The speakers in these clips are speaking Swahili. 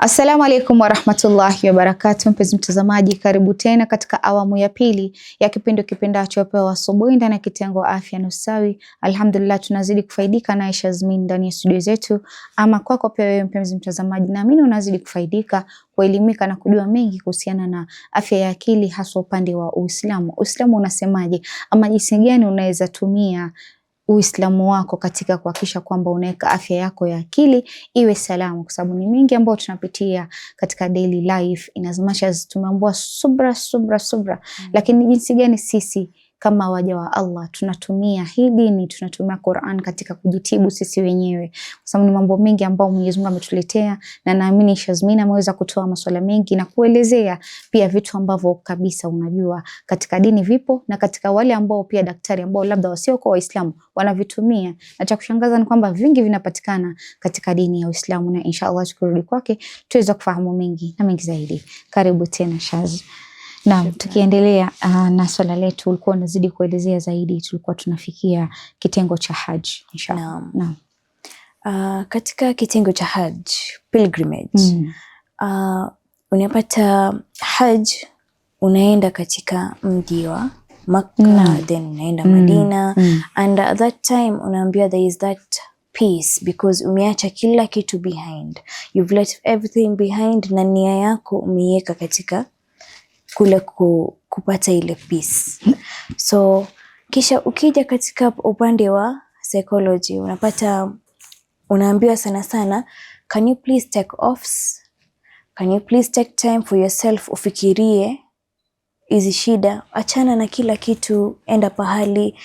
Assalamu alaikum warahmatullahi wabarakatu, mpenzi mtazamaji, karibu tena katika awamu ya pili ya kipindi kipendacho Upeo Asubuhi ndani ya kitengo afya na ustawi. Alhamdulillah, tunazidi kufaidika na Aisha ndani ya studio zetu. Ama kwako pia wewe mpenzi mtazamaji, naamini unazidi kufaidika, kuelimika na kujua mengi kuhusiana na afya ya akili, haswa upande wa Uislamu. Uislamu unasemaje ama jinsi gani unaweza tumia Uislamu wako katika kuhakikisha kwamba unaweka afya yako ya akili iwe salama, kwa sababu ni mingi ambayo tunapitia katika daily life, in as much as subra subra subra, mm. lakini jinsi gani sisi kama waja wa Allah tunatumia hii dini, tunatumia Qur'an katika kujitibu sisi wenyewe, kwa sababu ni mambo mengi ambayo Mwenyezi Mungu ametuletea, na naamini Shazmina ameweza kutoa masuala mengi na kuelezea pia vitu ambavyo kabisa unajua katika dini vipo, na katika wale ambao pia daktari ambao labda wasio kwa Waislamu wanavitumia, na cha kushangaza ni kwamba vingi vinapatikana katika dini ya Uislamu, na inshallah tukirudi kwake tuweza kufahamu mengi na mengi zaidi. Karibu tena Shaz. Naam, tukiendelea uh, na swala letu ulikuwa unazidi kuelezea zaidi, tulikuwa tunafikia kitengo cha haj inshallah. Naam. Uh, katika kitengo cha haj pilgrimage mm. uh, unapata haj unaenda katika mji wa Makka mm. then unaenda mm. Madina mm. and at that time unaambiwa there is that peace because umeacha kila kitu behind, you've left everything behind na nia yako umeiweka katika kule ku, kupata ile peace. So kisha ukija katika upande wa psychology unapata unaambiwa sana sana, can you please take offs, can you please take time for yourself, ufikirie hizi shida, achana na kila kitu, enda pahali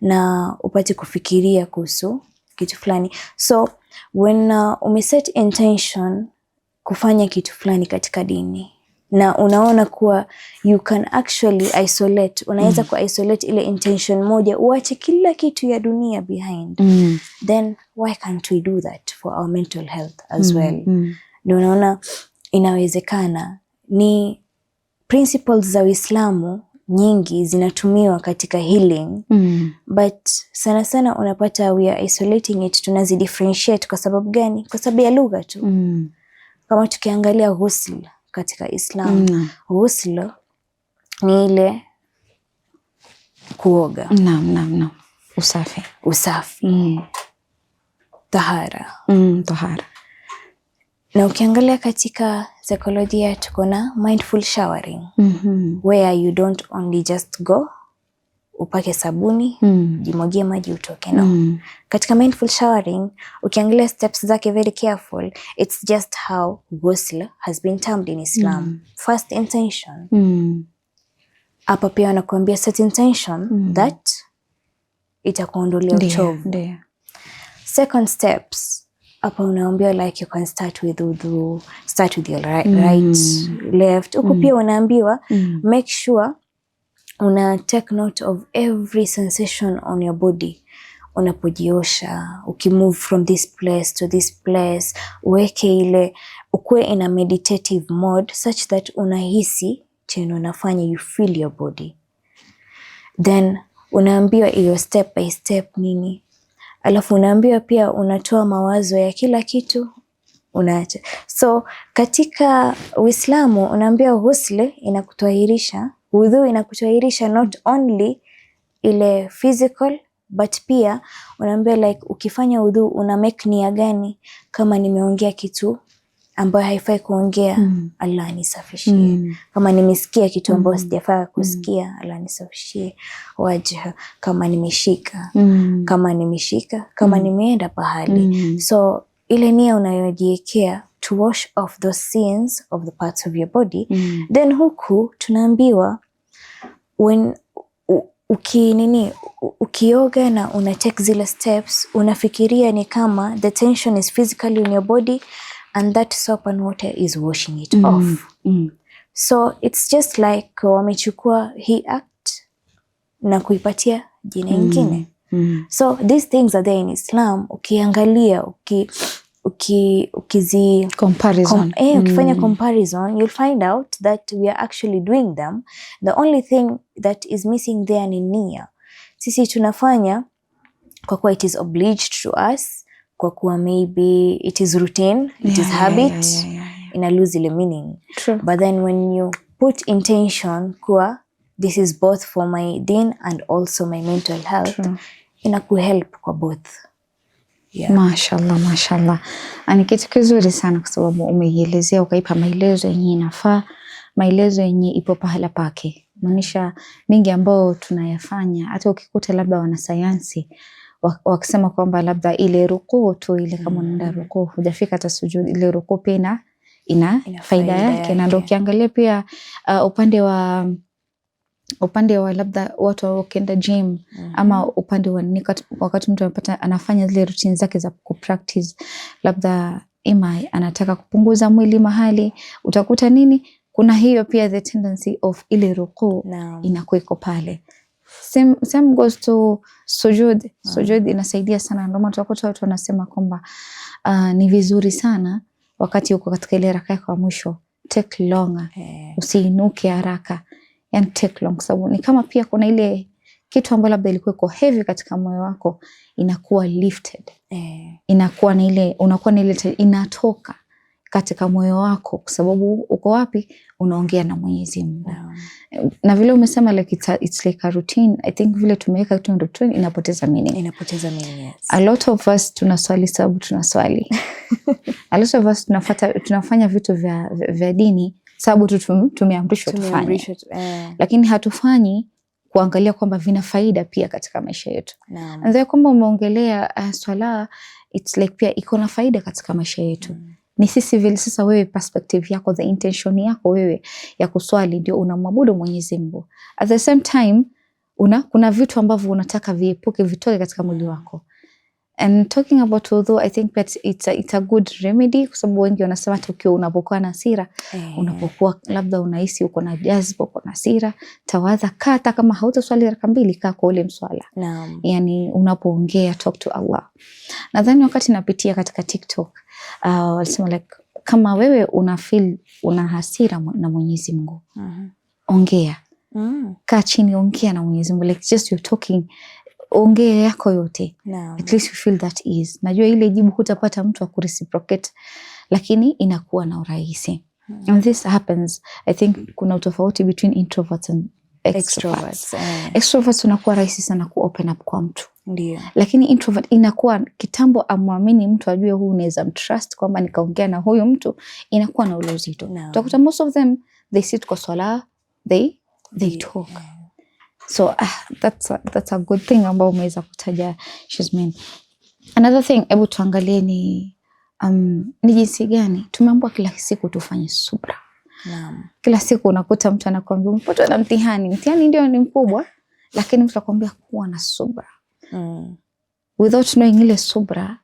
na upate kufikiria kuhusu kitu fulani. So when uh, umeset intention kufanya kitu fulani katika dini na unaona kuwa you can actually isolate, unaweza mm. ku isolate ile intention moja, uache kila kitu ya dunia behind mm. then why can't we do that for our mental health as mm. well mm. na unaona inawezekana. Ni principles za Uislamu nyingi zinatumiwa katika healing mm. but sana sana unapata we are isolating it, tunazi differentiate. Kwa sababu gani? Kwa sababu ya lugha tu mm. kama tukiangalia ghusl katika Islam mm. Ghusl ni ile kuoga. Naam, naam, naam. Usafi, usafi mm. tahara mm, tahara. Na ukiangalia katika saikolojia tuko na mindful showering mm -hmm. where you don't only just go upake sabuni mm. jimwagie maji utoke no mm. Katika mindful showering ukiangalia steps zake very careful, it's just how ghusl has been termed in Islam mm. first intention hapa hmm. mm. pia wanakuambia set intention mm. that itakuondolea uchovu. Second steps hapa unaambiwa like you can start with udhu start with your right, mm. right left huku mm. pia unaambiwa mm. make sure una take note of every sensation on your body unapojiosha, ukimove from this place to this place, uweke ile, ukuwe in a meditative mode such that unahisi chenye unafanya, you feel your body, then unaambiwa hiyo step by step nini, alafu unaambiwa pia unatoa mawazo ya kila kitu unaacha. So katika Uislamu unaambiwa husle inakutwahirisha Wudhu inakushawirisha not only ile physical but pia unaambia like ukifanya wudhu una make nia gani, kama nimeongea kitu ambayo haifai kuongea mm. Allah anisafishie mm. Kama nimesikia kitu ambayo mm. sijafaa mm. kusikia mm. Allah anisafishie wajha. Kama nimeshika mm. kama nimeshika kama mm. nimeenda pahali mm. so ile nia unayojiwekea to wash off those sins of the parts of your body mm. Then huku tunaambiwa when uki nini ukioga na una take zile steps unafikiria ni kama the tension is physically in your body and that soap and water is washing it mm. off mm. so it's just like wamechukua hii act na kuipatia jina mm, ingine mm. Mm. so these things are there in Islam ukiangalia uki uki, ukizi comparison. Com, eh, ukifanya mm. comparison you'll find out that we are actually doing them. The only thing that is missing there ni nia. Sisi tunafanya kwa kuwa it is obliged to us, kwa kuwa maybe it is routine, it yeah, is habit yeah, yeah, yeah, yeah. ina lose ile meaning. True. But then when you put intention kuwa this is both for my din and also my mental health, ina kuhelp kwa both Yeah. Mashallah, mashallah, ni kitu kizuri sana kwa sababu umeielezea ukaipa maelezo yenye inafaa, maelezo yenye ipo pahala pake, maanisha mingi ambayo tunayafanya, hata ukikuta labda wanasayansi wakisema kwamba labda ile rukuu tu ile kama mm -hmm. rukuu hujafika hata sujudi, ile rukuu pia ina, ina faida yake, na ndio ukiangalia pia uh, upande wa upande wa labda watu wakenda gym mm -hmm. ama mhm. upande wa wakati mtu anapata anafanya zile routine zake za ku practice labda ima anataka kupunguza mwili mahali, utakuta nini, kuna hiyo pia the tendency of ile rukuu no. inakuweko pale. Same, same goes to sujud. no. Mm. Sujud inasaidia sana, ndio maana utakuta watu wanasema kwamba uh, ni vizuri sana wakati uko katika ile raka yako ya mwisho take longer, eh. usiinuke haraka yani take long, sababu ni kama pia kuna ile kitu ambayo labda ilikuwa iko heavy katika moyo wako inakuwa lifted eh, inakuwa na ile unakuwa na ile inatoka katika moyo wako, kwa sababu uko wapi? Unaongea na Mwenyezi Mungu mm. na vile umesema like it's, a, it's like a routine. I think vile tumeweka kitu ndo routine inapoteza meaning, inapoteza meaning yes. a lot of us tunaswali sababu tunaswali a lot of us tunafata, tunafanya vitu vya, vya dini sababu tu tumeamrishwa tufanye, eh. Lakini hatufanyi kuangalia kwamba vina faida pia katika maisha yetu. Nadhani kwamba umeongelea uh, swala it's like pia iko na faida katika maisha yetu mm. Ni sisi vile sasa, wewe perspective yako, the intention yako wewe ya kuswali ndio unamwabudu Mwenyezi Mungu. At the same time, una kuna vitu ambavyo unataka viepuke vitoke katika mwili mm. wako And talking about wudhu, I think that it's a, it's a good remedy kwa sababu wengi wanasema tukio unapokuwa na hasira yeah. Unapokuwa labda unahisi uko na jazba, uko na hasira, tawadha, kaa hata kama swali raka mbili, kaa kwa ule mswala no. Yani unapoongea talk to Allah. Nadhani wakati napitia katika TikTok uh, walisema uh, like kama wewe una feel una hasira na Mwenyezi Mungu uh mhm. -huh. Ongea mm. Kaa chini, ongea na Mwenyezi Mungu like just you're talking ongee yako yote no. At least you feel that ease. Najua ile jibu hutapata mtu akureciprocate, lakini inakuwa na urahisi mm. And this happens I think kuna utofauti between introverts and extroverts. Extroverts unakuwa rahisi sana ku up kwa mtu Lakini introvert inakuwa kitambo amwamini mtu ajue huyu unaweza mtrust kwamba nikaongea na huyu mtu, inakuwa na ule uzito no. Utakuta most of them they sit kwa swala they they talk yeah so uh, that's, a, that's a good thing ambao umeweza kutaja Shizmin. Another thing, hebu tuangalie ni um, ni jinsi gani tumeambwa kila siku tufanye subra. Naam. Kila siku unakuta mtu anakuambia mpoto na mtihani, mtihani ndio ni mkubwa, lakini mtu anakuambia kuwa na subra mm. Without knowing ile subra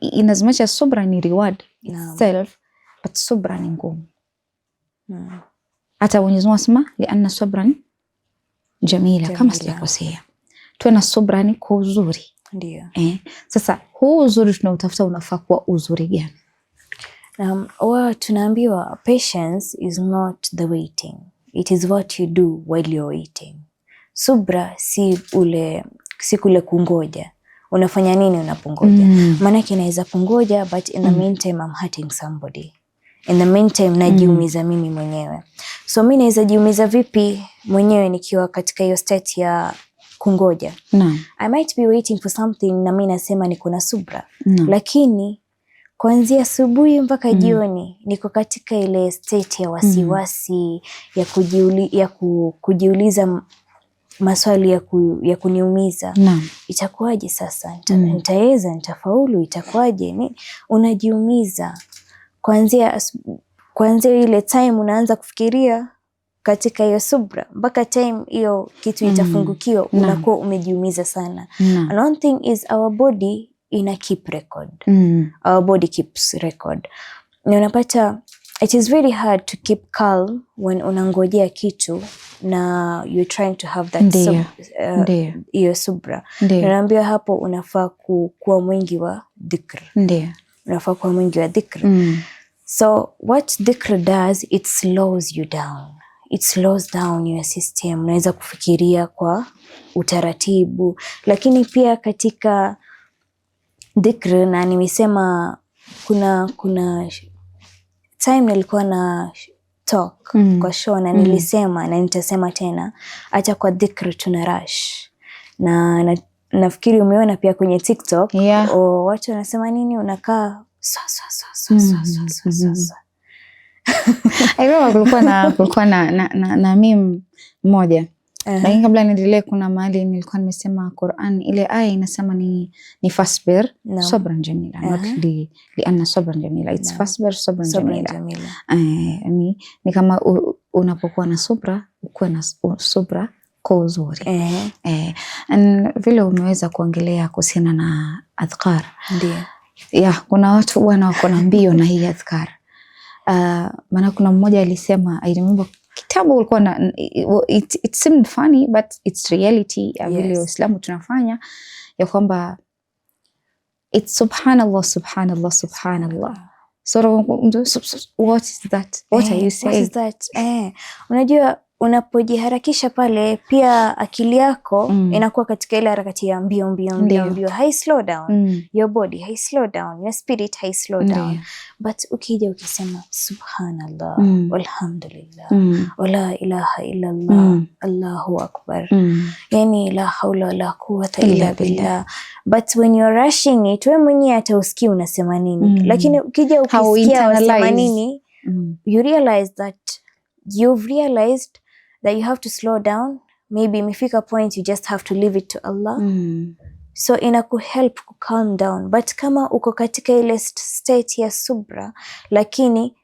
inazimaisha, subra ni reward itself, but subra ni ngumu. Mm. Hata Mwenyezi Mungu asema lianna sabran Jamila, kama sijakosea, tuwe na subra ni kwa uzuri ndio. Eh, sasa huu uzuri tunautafuta unafaa kuwa uzuri gani? Um, wa tunaambiwa patience is not the waiting, it is what you do while you're waiting. Subra si ule si kule kungoja unafanya nini unapongoja, mm. maanake mm. inaweza kungoja but in the mm. meantime I'm hurting somebody in the meantime najiumiza mm. mimi mwenyewe. So mi naweza jiumiza vipi mwenyewe nikiwa katika hiyo state ya kungoja no. I might be waiting for something, na mi nasema niko na subra no. lakini kuanzia asubuhi mpaka mm. jioni niko katika ile state ya wasiwasi mm. ya, kujiuli, ya ku, kujiuliza maswali ya, ku, ya kuniumiza no. Itakuwaje sasa? Nita, mm. nitaweza? nitafaulu? Itakuwaje? ni Unajiumiza kuanzia kuanzia ile time unaanza kufikiria katika hiyo subra mpaka time hiyo kitu mm. itafungukiwa, mm. unakuwa umejiumiza sana. no. And one thing is our body ina keep record. Mm. Our body keeps record. Na unapata it is really hard to keep calm when unangojea kitu na you're trying to have that uh, hiyo uh, subra. Unaambiwa hapo unafaa kuwa mwingi wa dhikr. Unafaa kuwa mwingi wa dhikr. Mm. So what dhikr does, it slows you down. It slows down your system. Unaweza kufikiria kwa utaratibu, lakini pia katika dhikr, na nimesema kuna kuna time nilikuwa na talk mm. kwa show na mm. nilisema mm. na nitasema tena, hata kwa dhikr tuna rush na, na nafikiri umeona pia kwenye TikTok yeah. O, oh, watu wanasema nini, unakaa Aiwa, mm-hmm. kulikuwa na kulikuwa na, na, na, na mimi mmoja Uh -huh. Lakini kabla niendelee, kuna mahali nilikuwa nimesema Quran ile aya inasema ni, ni fasbir no. sabran jamila uh -huh. li, li anna sabran jamila it's no. fasbir sabran jamila, jamila. Uh, ni, ni kama unapokuwa na subra ukuwe na subra kwa uzuri uh -huh. uh, vile umeweza kuongelea kuhusiana na adhkar ndio ya kuna watu bwana wako na mbio na hii adhkar. Uh, ah, maana kuna mmoja alisema I remember kitambo ulikuwa na it, it seemed funny but it's reality ya vile yes. Waislamu tunafanya ya kwamba it's subhanallah subhanallah subhanallah ah. so what is that what eh, are you saying what is that eh unajua unapojiharakisha pale pia akili yako mm. inakuwa katika ile harakati ya mbio mbio mbio mbio, hai slow down mm. your body hai slow down your spirit hai slow down Ndiyo. But ukija ukisema subhanallah mm. alhamdulillah mm. wala ilaha illa Allah mm. Allahu akbar mm. yani la haula wala quwwata illa billah but when you are rushing it, wewe mwenyewe hata usikii unasema nini mm. lakini ukija ukisikia unasema nini mm. you realize that you've realized that you have to slow down, maybe imefika point you just have to leave it to Allah mm. So ina kuhelp ku calm down, but kama uko katika ile state ya subra lakini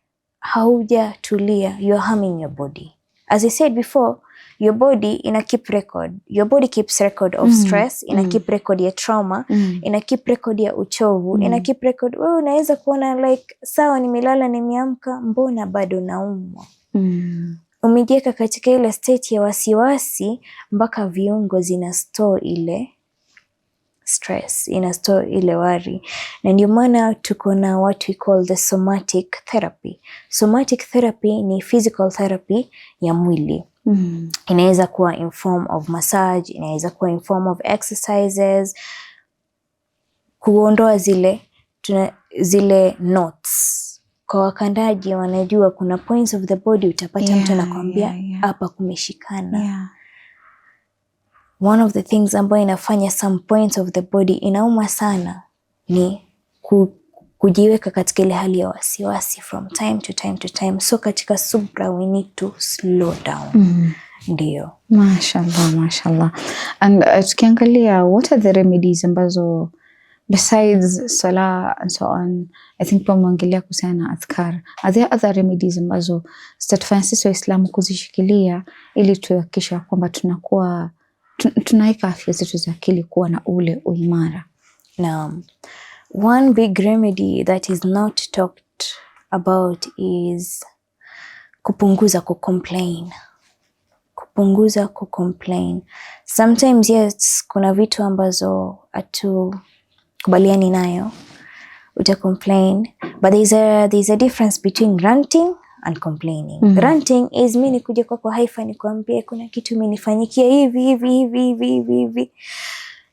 haujatulia, you are harming your body. As I said before, your body ina keep record, your body keeps record of mm. stress, ina mm. keep record ya trauma, mm. ina keep record ya uchovu, mm. ina keep record. Wewe unaweza kuona like, sawa, nimelala nimeamka, mbona bado naumwa? mm umejieka katika ile state ya wasiwasi mpaka viungo zina store ile stress, ina store ile wari, na ndio maana tuko na what we call the somatic therapy. Somatic therapy ni physical therapy ya mwili. Mm. Inaweza kuwa in form of massage, inaweza kuwa in form of exercises kuondoa zile tuna, zile knots kwa wakandaji wanajua kuna points of the body, utapata yeah, mtu anakwambia hapa yeah, kumeshikana yeah. One of the things ambayo inafanya some points of the body inauma sana ni ku, kujiweka katika ile hali ya wasiwasi from time to time to time, so katika subra we need to slow down mm. Ndio, mashallah mashallah. And uh, tukiangalia what are the remedies ambazo besides sala and so on, I think pia umeongelea kuhusiana na adhkar. Are there other remedies ambazo zitatufanya sisi Waislamu kuzishikilia ili tuhakikisha kwamba tunakuwa tunaweka afya zetu za akili kuwa na ule uimara? Naam. One big remedy that is not talked about is kupunguza kucomplain kupunguza kucomplain. Sometimes yes, kuna vitu ambazo atu kubaliani nayo, uta complain but there is a there is a difference between ranting and complaining. Mm -hmm. Ranting is mimi nikuja kwako Haifa nikuambie kuna kitu imenifanyikia hivi hivi hivi hivi hivi hivi,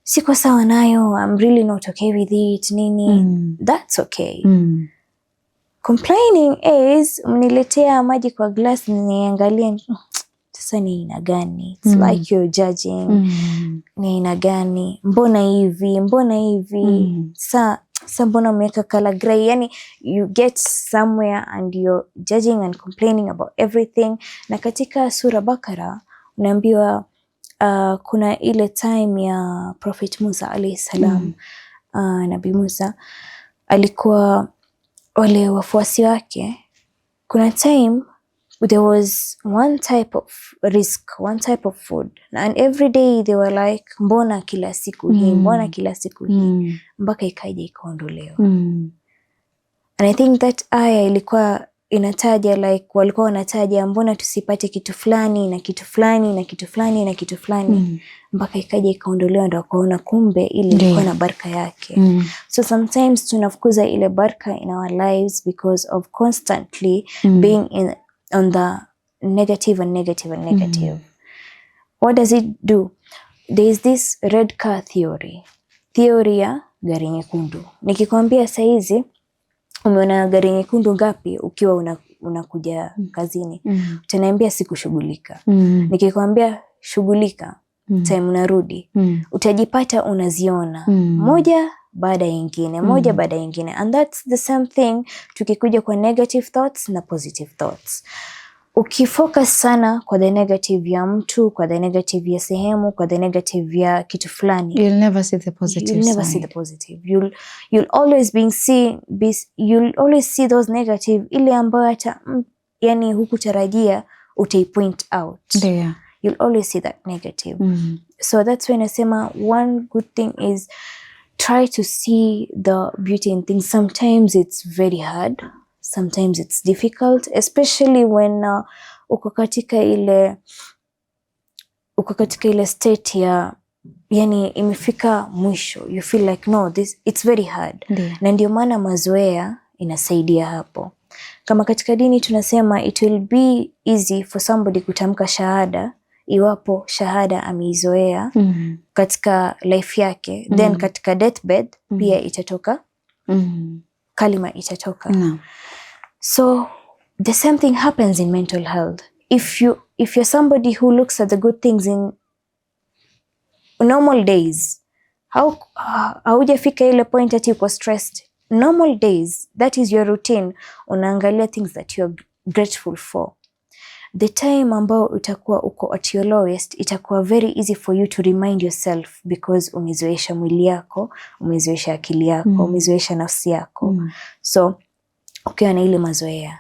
siko sawa nayo, I'm really not okay with it nini. Mm. That's okay. Mm. Complaining is mniletea maji kwa glass, niangalie hasa ni aina gani? It's mm. like you're judging mm. ni aina gani? Mbona hivi, mbona hivi mm. sa sa mbona umeweka kala gray? Yani you get somewhere and you're judging and complaining about everything. Na katika sura Bakara unaambiwa uh, kuna ile time ya Prophet Musa alayhi salam mm. uh, Nabii Musa alikuwa wale wafuasi wake, kuna time there was one type of risk, one type of food and every day they were like mbona kila siku hii mm. mbona kila siku hii mm. mpaka ikaja ikaondolewa mm. and I think that aya ilikuwa inataja like walikuwa wanataja mbona tusipate kitu fulani na kitu fulani na kitu fulani na kitu fulani mm. mpaka mm. ikaja ikaondolewa, ndo wakaona kumbe ile ilikuwa na baraka yake mm. so sometimes tunafukuza ile baraka in our lives because of constantly mm. being in on the negative and negative and mm-hmm. negative. Mm. hmm What does it do? There is this red car theory, theory ya gari nyekundu. Nikikwambia saizi umeona gari nyekundu ngapi ukiwa una, unakuja mm. kazini mm. utaniambia sikushughulika mm. Nikikwambia shughulika mm. time unarudi mm. utajipata unaziona mm. moja baada ya nyingine moja mm. baada ya nyingine, and that's the same thing tukikuja kwa negative thoughts na positive thoughts. Ukifocus sana kwa the negative ya mtu, kwa the negative ya sehemu, kwa the negative ya kitu fulani, you'll never see the positive you'll never see the positive. You'll, you'll always being see, be, you'll always see those negative, ile ambayo hata mm, yani hukutarajia out yeah. You'll always see that negative mm. So that's why nasema one good thing is try to see the beauty in things. Sometimes it's very hard, sometimes it's difficult, especially when uh, uko katika ile state ya yani imefika mwisho, you feel like no this it's very hard Na ndio maana mazoea inasaidia hapo, kama katika dini tunasema it will be easy for somebody kutamka shahada iwapo shahada ameizoea mm -hmm. katika life yake mm -hmm. then mm-hmm. katika deathbed mm -hmm. pia itatoka mm -hmm. kalima itatoka no. so the same thing happens in mental health if you if you're somebody who looks at the good things in normal days uh, haujafika ile point ati uko stressed normal days that is your routine unaangalia things that you're grateful for the time ambao utakuwa uko at your lowest itakuwa very easy for you to remind yourself because umezoesha mwili yako, umezoesha akili yako mm. umezoesha nafsi yako mm. so ukiwa na ile mazoea,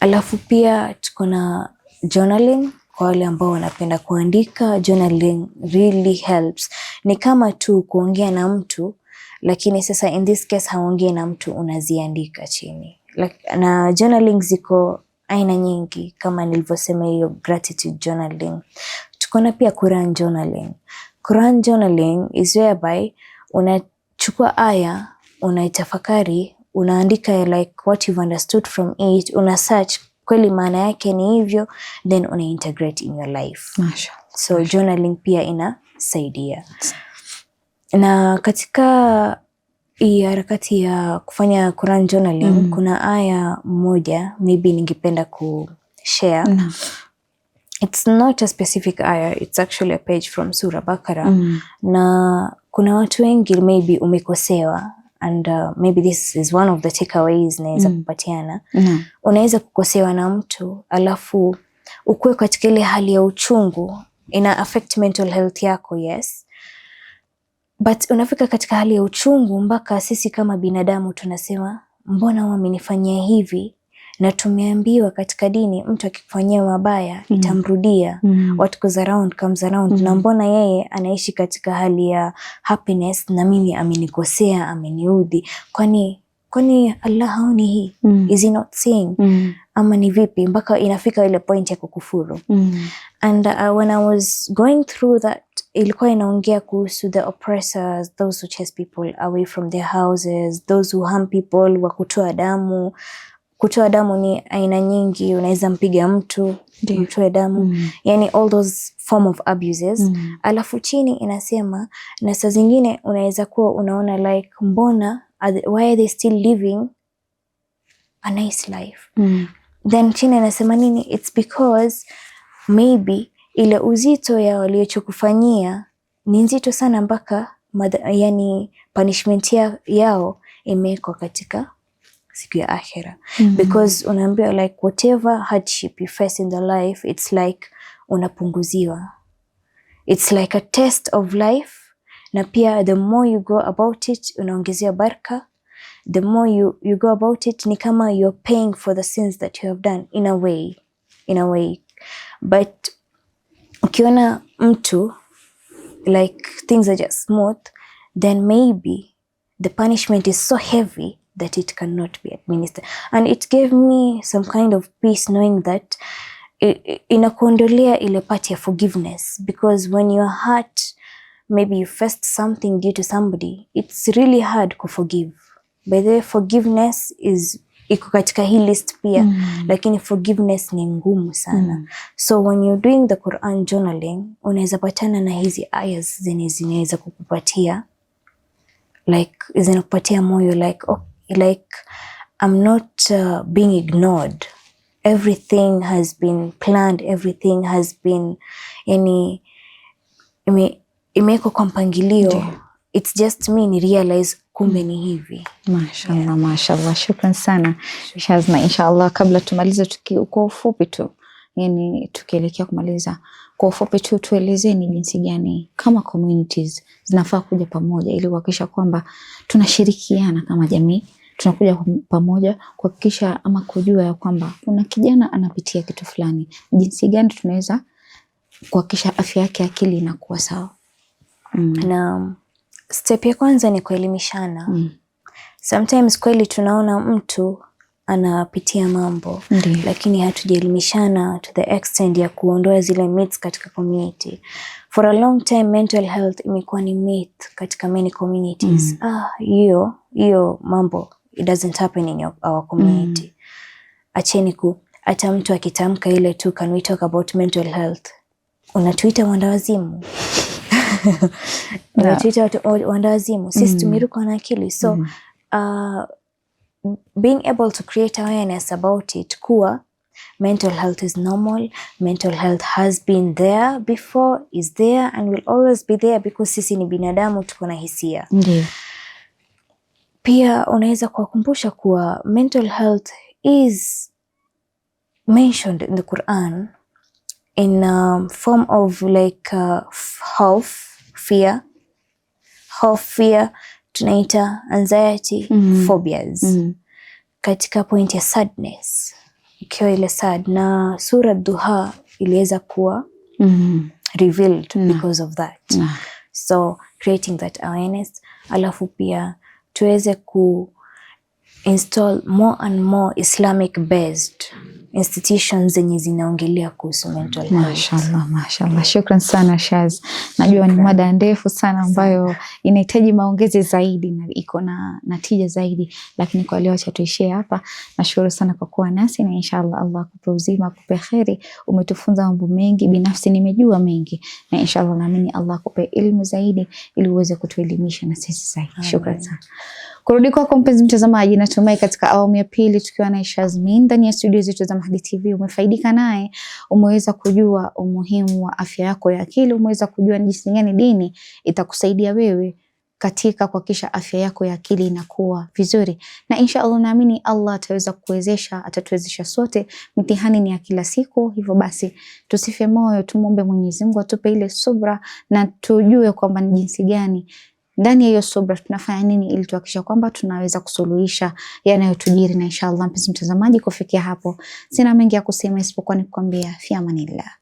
alafu pia tuko na journaling kwa wale ambao wanapenda kuandika. Journaling really helps, ni kama tu kuongea na mtu lakini sasa in this case haongei na mtu, unaziandika chini like, na journaling ziko aina nyingi kama nilivyosema hiyo gratitude journaling. Tuko na pia Quran journaling. Quran journaling is whereby unachukua aya, unaitafakari, unaandika like what you've understood from it, una search kweli maana yake ni hivyo, then una integrate in your life. Masha. So Masha. Journaling pia inasaidia na katika hii harakati ya kufanya Quran journaling mm. kuna aya moja maybe ningependa kushare no. It's not a specific aya, it's actually a page from Sura Bakara mm. na kuna watu wengi maybe umekosewa and uh, maybe this is one of the takeaways naweza mm. kupatiana no. Unaweza kukosewa na mtu alafu ukuwe katika ile hali ya uchungu, ina affect mental health yako yes but unafika katika hali ya uchungu mpaka sisi kama binadamu tunasema mbona wamenifanyia hivi na tumeambiwa katika dini mtu akikufanyia mabaya mm. itamrudia mm. what goes around comes around mm. na mbona yeye anaishi katika hali ya happiness na mimi amenikosea ameniudhi, kwani kwani Allah haoni hii? mm. is he not seeing? mm. ama ni vipi mpaka inafika ile point ya kukufuru. mm. and uh, when I was going through that ilikuwa inaongea kuhusu the oppressors, those who chase people away from their houses, those who harm people, wa kutoa damu. Kutoa damu ni aina nyingi, unaweza mpiga mtu mtoe damu mm. yani all those form of abuses mm. alafu chini inasema, na saa zingine unaweza kuwa unaona like mbona why are they still living a nice life mm. Then china anasema nini? It's because maybe ile uzito ya waliochokufanyia ni nzito sana mpaka yani punishment ya, yao imewekwa katika siku ya akhira mm -hmm. Because unaambiwa like whatever hardship you face in the life it's like unapunguziwa, it's like a test of life na pia the more you go about it unaongezea baraka. The more you, you go about it ni kama youare paying for the sins that you have done in a way, in a way but ukiona mtu like things are just smooth then maybe the punishment is so heavy that it cannot be administered and it gave me some kind of peace knowing that inakuondolea ile part ya forgiveness because when your heart maybe you faced something due to somebody, it's really hard kuforgive. By the way, forgiveness is iko katika hii list pia mm. Lakini forgiveness ni ngumu sana mm. So when you're doing the Quran journaling unaweza patana na hizi ayas zenye zinaweza kukupatia like zinakupatia moyo like oh, like I'm not uh, being ignored everything has been planned everything has been yani imewekwa kwa mpangilio. It's just me ni realize kumbe ni hivi. Mashallah, yeah. Mashallah, shukran sana Shazna. Inshallah, kabla tumalize, kwa ufupi tu, yani tukielekea kumaliza, kwa ufupi tu tuelezee ni jinsi gani kama communities zinafaa kuja pamoja ili kuhakikisha kwamba tunashirikiana kama jamii tunakuja pamoja kuhakikisha ama kujua ya kwamba kuna kijana anapitia kitu fulani, jinsi gani tunaweza kuhakikisha afya yake akili inakuwa sawa. Mm. na step ya kwanza ni kuelimishana mm. Sometimes kweli tunaona mtu anapitia mambo Ndi. lakini hatujaelimishana to the extent ya kuondoa zile myths katika community. For a long time mental health imekuwa ni myth katika many communities. Hiyo mm. ah, hiyo mambo it doesn't happen in our community mm. Acheni ku hata mtu akitamka ile tu can we talk about mental health, unatuita mwanda wazimu unatuita wandawazimu, sisi mm. tumeruka na akili so mm uh, being able to create awareness about it kuwa mental health is normal, mental health has been there before, is there and will always be there because sisi ni binadamu, tuko na hisia mm Pia unaweza kuwakumbusha kuwa mental health is mentioned in the Quran in um, form of like uh, health fear, hope fear, tunaita anxiety mm -hmm. phobias mm -hmm. katika point ya sadness, ikiwa ile sad na sura Duha iliweza kuwa mm -hmm. revealed nah. Mm-hmm. because of that nah. Mm-hmm. so creating that awareness, alafu pia tuweze ku install more and more Islamic based institutions zenye zinaongelea kuhusu mental health. Mashallah, mashallah. Shukran sana Shaz. Najua ni mada ndefu sana ambayo inahitaji maongezi zaidi na iko na na tija zaidi, lakini kwa leo acha tuishie hapa. Nashukuru sana kwa kuwa nasi na inshallah Allah akupe uzima, akupe kheri. Umetufunza mambo mengi, binafsi nimejua mengi na inshallah naamini Allah akupe ilmu zaidi ili uweze kutuelimisha na sisi zaidi. Shukran sana. Kurudi kwako mpenzi mtazamaji, natumai katika awamu ya pili tukiwa na Shazmin ndani ya studio zetu za Mahdi TV umefaidika naye, umeweza kujua umuhimu wa afya yako ya akili, umeweza kujua ni jinsi gani dini itakusaidia wewe katika kuhakikisha afya yako ya akili inakuwa vizuri, na insha Allah naamini Allah ataweza kuwezesha, atatuwezesha sote. Mitihani ni ya kila siku, hivyo basi tusife moyo, tumwombe Mwenyezi Mungu atupe ile subra na tujue kwamba ni jinsi gani ndani ya hiyo subra tunafanya nini ili tuhakikisha kwamba tunaweza kusuluhisha yanayotujiri, na inshallah, mpenzi mtazamaji, kufikia hapo sina mengi ya kusema isipokuwa ni fi amanillah.